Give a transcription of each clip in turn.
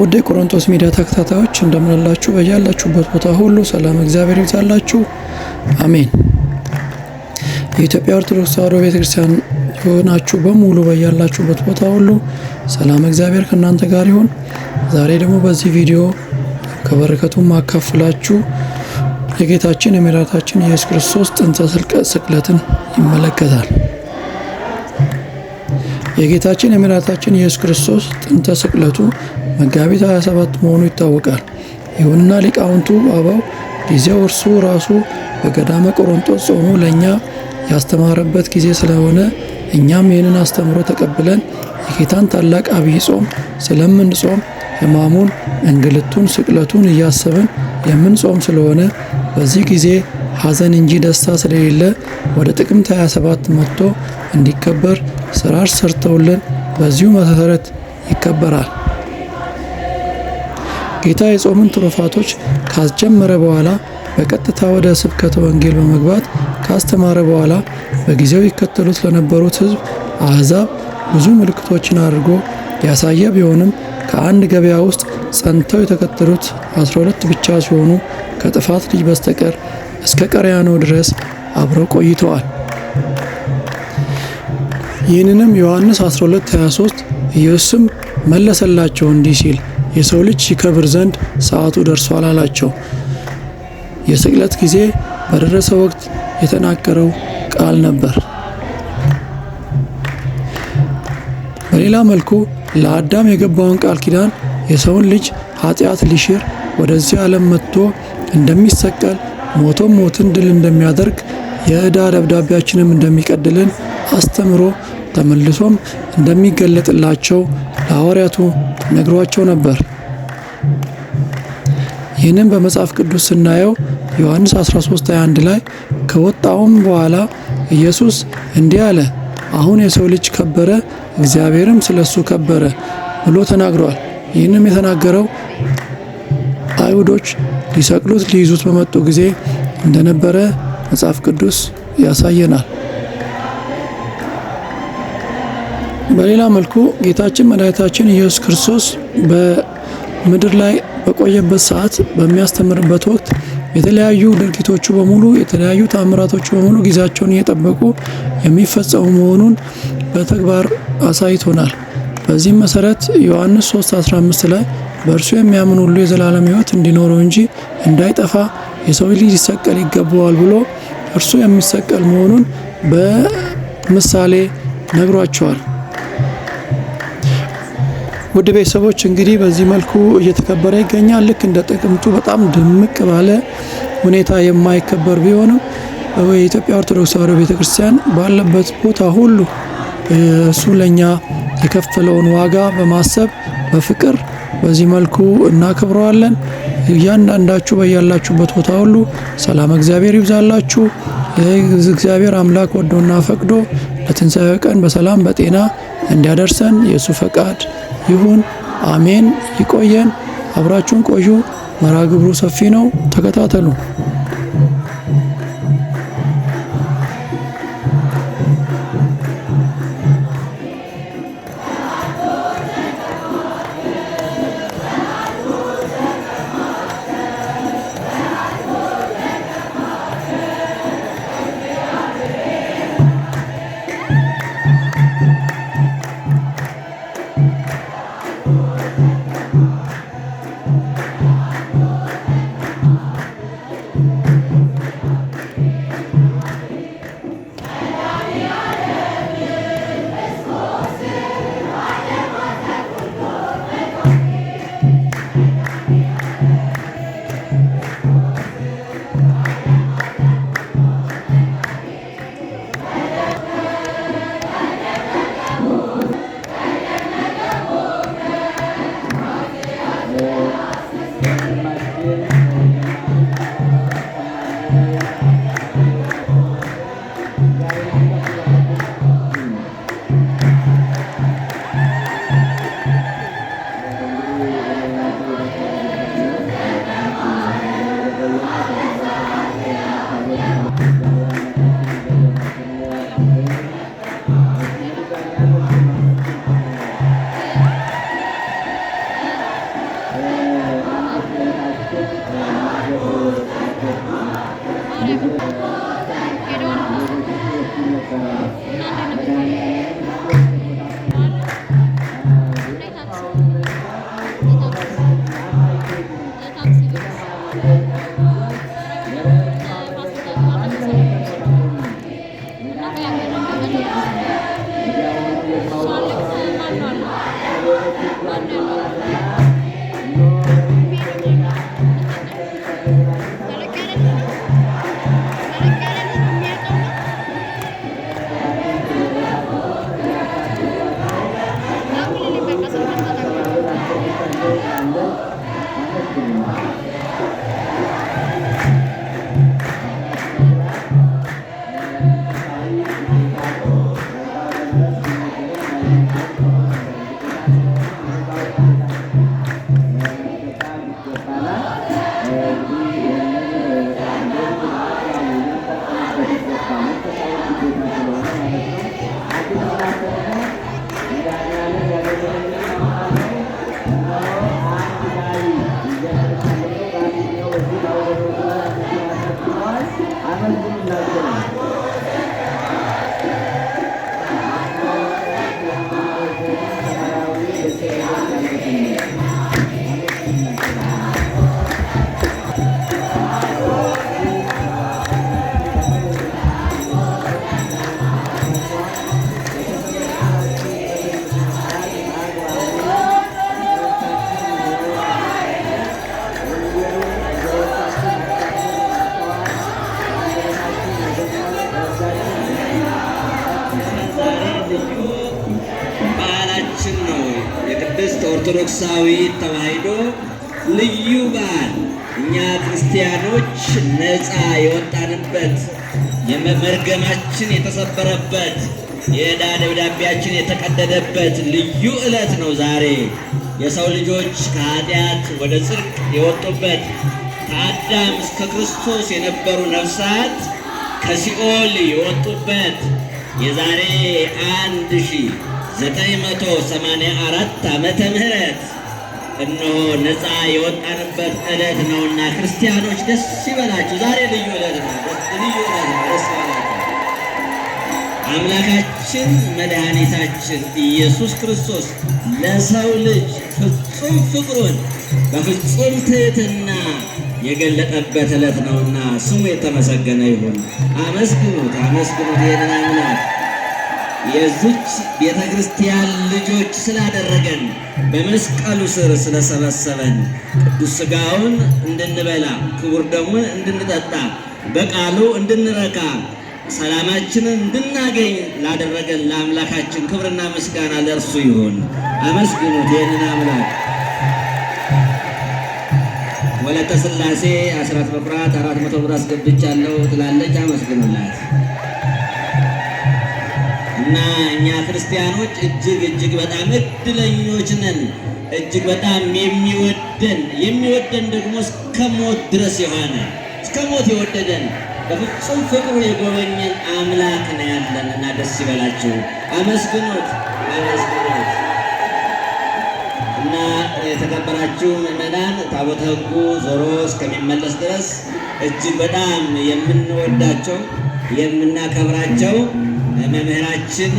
ውድ የቆሮንቶስ ሚዲያ ተከታታዮች እንደምንላችሁ በያላችሁበት ቦታ ሁሉ ሰላም እግዚአብሔር ይብዛላችሁ፣ አሜን። የኢትዮጵያ ኦርቶዶክስ ተዋሕዶ ቤተክርስቲያን የሆናችሁ በሙሉ በያላችሁበት ቦታ ሁሉ ሰላም እግዚአብሔር ከእናንተ ጋር ይሁን። ዛሬ ደግሞ በዚህ ቪዲዮ ከበረከቱ ማካፍላችሁ የጌታችን የመድኃኒታችን ኢየሱስ ክርስቶስ ጥንተ ስቅለትን ይመለከታል። የጌታችን የመድኃኒታችን ኢየሱስ ክርስቶስ ጥንተ ስቅለቱ መጋቢት 27 መሆኑ ይታወቃል። ይሁንና ሊቃውንቱ አበው ጊዜው እርሱ ራሱ በገዳመ ቆሮንጦስ ጾሙ ለእኛ ያስተማረበት ጊዜ ስለሆነ እኛም ይህንን አስተምሮ ተቀብለን የጌታን ታላቅ አብይ ጾም ስለምንጾም ሕማሙን፣ እንግልቱን፣ ስቅለቱን እያሰብን የምንጾም ስለሆነ በዚህ ጊዜ ሐዘን እንጂ ደስታ ስለሌለ ወደ ጥቅምት 27 መጥቶ እንዲከበር ስራሽ ሰርተውልን በዚሁ መሰረት ይከበራል። ጌታ የጾምን ትሩፋቶች ካስጀመረ በኋላ በቀጥታ ወደ ስብከተ ወንጌል በመግባት ካስተማረ በኋላ በጊዜው ይከተሉት ለነበሩት ሕዝብ አሕዛብ ብዙ ምልክቶችን አድርጎ ያሳየ ቢሆንም ከአንድ ገበያ ውስጥ ጸንተው የተከተሉት 12 ብቻ ሲሆኑ ከጥፋት ልጅ በስተቀር እስከ ቀርያኖ ድረስ አብረው ቆይተዋል። ይህንንም ዮሐንስ 12:23 ኢየሱስም መለሰላቸው እንዲህ ሲል የሰው ልጅ ይከብር ዘንድ ሰዓቱ ደርሷል አላቸው። የስቅለት ጊዜ በደረሰ ወቅት የተናገረው ቃል ነበር። በሌላ መልኩ ለአዳም የገባውን ቃል ኪዳን የሰውን ልጅ ኃጢአት ሊሽር ወደዚህ ዓለም መጥቶ እንደሚሰቀል ሞቶም ሞትን ድል እንደሚያደርግ የዕዳ ደብዳቤያችንም እንደሚቀድልን አስተምሮ ተመልሶም እንደሚገለጥላቸው ለሐዋርያቱ ነግሯቸው ነበር። ይህንም በመጽሐፍ ቅዱስ ስናየው ዮሐንስ 13:21 ላይ ከወጣውም በኋላ ኢየሱስ እንዲህ አለ፣ አሁን የሰው ልጅ ከበረ፣ እግዚአብሔርም ስለ እሱ ከበረ ብሎ ተናግሯል። ይህንም የተናገረው አይሁዶች ሊሰቅሉት ሊይዙት በመጡ ጊዜ እንደነበረ መጽሐፍ ቅዱስ ያሳየናል። በሌላ መልኩ ጌታችን መድኃኒታችን ኢየሱስ ክርስቶስ በምድር ላይ በቆየበት ሰዓት በሚያስተምርበት ወቅት የተለያዩ ድርጊቶቹ በሙሉ የተለያዩ ታምራቶቹ በሙሉ ጊዜያቸውን እየጠበቁ የሚፈጸሙ መሆኑን በተግባር አሳይቶናል። በዚህም መሰረት ዮሐንስ 15 ላይ በእርሱ የሚያምን ሁሉ የዘላለም ሕይወት እንዲኖረው እንጂ እንዳይጠፋ የሰው ልጅ ሊሰቀል ይገባዋል ብሎ እርሱ የሚሰቀል መሆኑን በምሳሌ ነግሯቸዋል። ውድ ቤተሰቦች እንግዲህ በዚህ መልኩ እየተከበረ ይገኛል። ልክ እንደ ጥቅምቱ በጣም ድምቅ ባለ ሁኔታ የማይከበር ቢሆንም የኢትዮጵያ ኦርቶዶክስ ተዋሕዶ ቤተክርስቲያን ባለበት ቦታ ሁሉ እሱ ለእኛ የከፈለውን ዋጋ በማሰብ በፍቅር በዚህ መልኩ እናከብረዋለን። እያንዳንዳችሁ በያላችሁበት ቦታ ሁሉ ሰላም እግዚአብሔር ይብዛላችሁ። እግዚአብሔር አምላክ ወዶና ፈቅዶ ለትንሣኤ ቀን በሰላም በጤና እንዲያደርሰን የእሱ ፈቃድ ይሁን። አሜን። ይቆየን። አብራችሁን ቆዩ። መርሃ ግብሩ ሰፊ ነው። ተከታተሉ። Thank you. ኦርቶዶክሳዊት ተዋሕዶ ልዩ በዓል እኛ ክርስቲያኖች ነፃ የወጣንበት የመመርገማችን የተሰበረበት የዕዳ ደብዳቤያችን የተቀደደበት ልዩ ዕለት ነው ዛሬ። የሰው ልጆች ከኃጢአት ወደ ጽድቅ የወጡበት ከአዳም እስከ ክርስቶስ የነበሩ ነፍሳት ከሲኦል የወጡበት የዛሬ አንድ ሺህ ዘጠኝ መቶ ዓመተ ምህረት እነሆ ነፃ የወጣንበት ዕለት ነውና ክርስቲያኖች ደስ ይበላችሁ። ዛሬ ልዩ ዕለት ነው። ልዩ ዕለት ነው። ደስ ይበላችሁ። አምላካችን መድኃኒታችን ኢየሱስ ክርስቶስ ለሰው ልጅ ፍጹም ፍቅሩን በፍጹም ትህትና የገለጠበት ዕለት ነውና ስሙ የተመሰገነ ይሁን። አመስግኑት፣ አመስግኑት ይህንን አምላክ የዚች ቤተ ክርስቲያን ልጆች ስላደረገን በመስቀሉ ስር ስለሰበሰበን ቅዱስ ሥጋውን እንድንበላ ክቡር ደሙን እንድንጠጣ በቃሉ እንድንረካ ሰላማችንን እንድናገኝ ላደረገን ለአምላካችን ክብርና ምስጋና ለእርሱ ይሁን። አመስግኑት ይህንን አምላክ። ወለተ ሥላሴ አስራት በኩራት አራት መቶ ብር አስገብቻለሁ ትላለች። አመስግኑላት። እና እኛ ክርስቲያኖች እጅግ እጅግ በጣም እድለኞች ነን። እጅግ በጣም የሚወደን የሚወደን ደግሞ እስከ ሞት ድረስ የሆነ እስከ ሞት የወደደን በፍጹም ፍቅሩ የጎበኘን አምላክ ነው ያለን እና ደስ ይበላችሁ፣ አመስግኖት አመስግኖት እና የተከበራችሁ ምዕመናን ታቦተ ሕጉ ዞሮ እስከሚመለስ ድረስ እጅግ በጣም የምንወዳቸው የምናከብራቸው በመምህራችን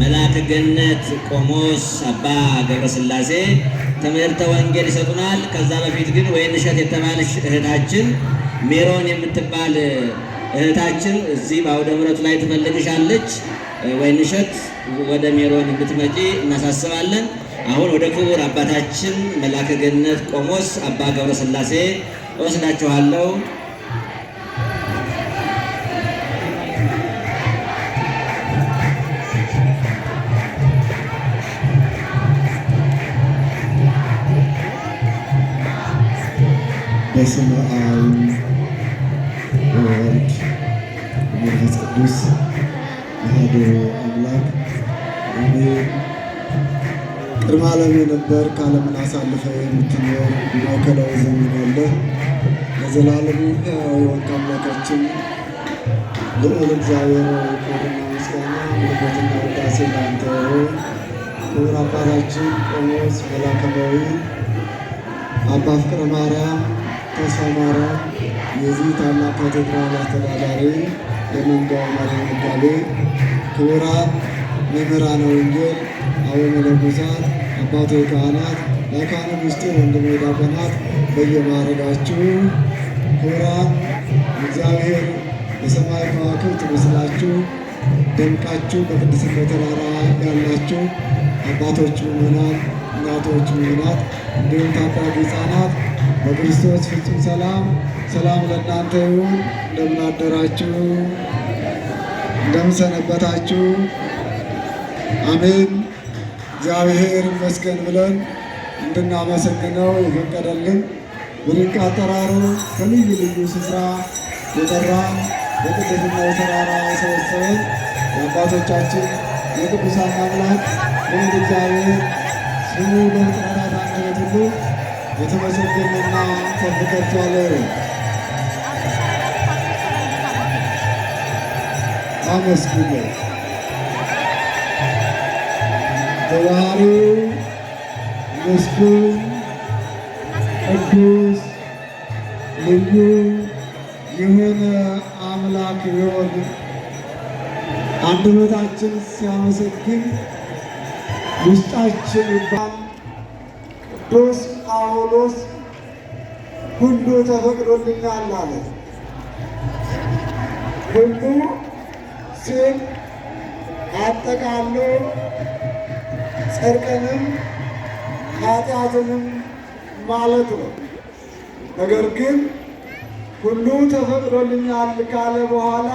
መልአከ ገነት ቆሞስ አባ ገብረስላሴ ትምህርተ ወንጌል ይሰጡናል። ከዛ በፊት ግን ወይን እሸት የተባለች እህታችን ሜሮን የምትባል እህታችን እዚህ በአውደ ምሕረቱ ላይ ትፈልግሻለች። ወይን እሸት ወደ ሜሮን እንድትመጪ እናሳስባለን። አሁን ወደ ክቡር አባታችን መልአከ ገነት ቆሞስ አባ ገብረስላሴ እወስዳችኋለሁ። በስመ አብ ወወልድ ወመንፈስ ቅዱስ አሐዱ አምላክ አሜን። ቅድመ ዓለም የነበርክ ዓለምን አሳልፈህ የምትኖር ማዕከላዊ ዘመን ያለህ ለዘላለም የወቅ አምላካችን ልዑል እግዚአብሔር ክብርና ምስጋና ምልኮትና ውዳሴ ለአንተ ይሁን። ክቡር አባታችን ቆሞስ መላከማዊ አባ ፍቅረ ማርያም አማረ የዚህ ታላቅ ካቴድራል አስተዳዳሪ የመንጋው መሪ መጋቤ፣ ክቡራን መምህራነ ወንጌል፣ አበ መነኮሳት፣ አባቶ ካህናት፣ ለካህኑ ምስጢር ወንድሜ ዲያቆናት በየማዕረጋችሁ ክቡራን እግዚአብሔር የሰማይ ከዋክብት መስላችሁ ደምቃችሁ በቅድስና ተራራ ያላችሁ አባቶች ምዕመናን፣ እናቶች ምዕመናት እንዲሁም ታዳጊ ህፃናት በክርስቶስ ፍጹም ሰላም ሰላም ለእናንተ ይሁን። እንደምን አደራችሁ? እንደምን ሰነበታችሁ? አሜን። እግዚአብሔር ይመስገን ብለን እንድናመሰግነው የፈቀደልን በድንቅ አጠራሩ ከልዩ ልዩ ስፍራ የጠራ በቅድስናው ተራራ የሰበሰበን የአባቶቻችን የቅዱሳን አምላክ እግዚአብሔር ስሙ በፍጥረታት አንደበት ሁሉ የተመሰገነና ከፍ ከፍ ያለ አመስግኑ። በባህሪው ምስጉን፣ ቅዱስ፣ ልዩ የሆነ አምላክ የሆነ አንደበታችን ሲያመሰግን ውስጣችን ይባል ቅዱስ ጳውሎስ ሁሉ ተፈቅዶልኛል አለ። ሁሉ ሲል አጠቃሎ ጽድቅንም ኃጢአትንም ማለት ነው። ነገር ግን ሁሉ ተፈቅዶልኛል ካለ በኋላ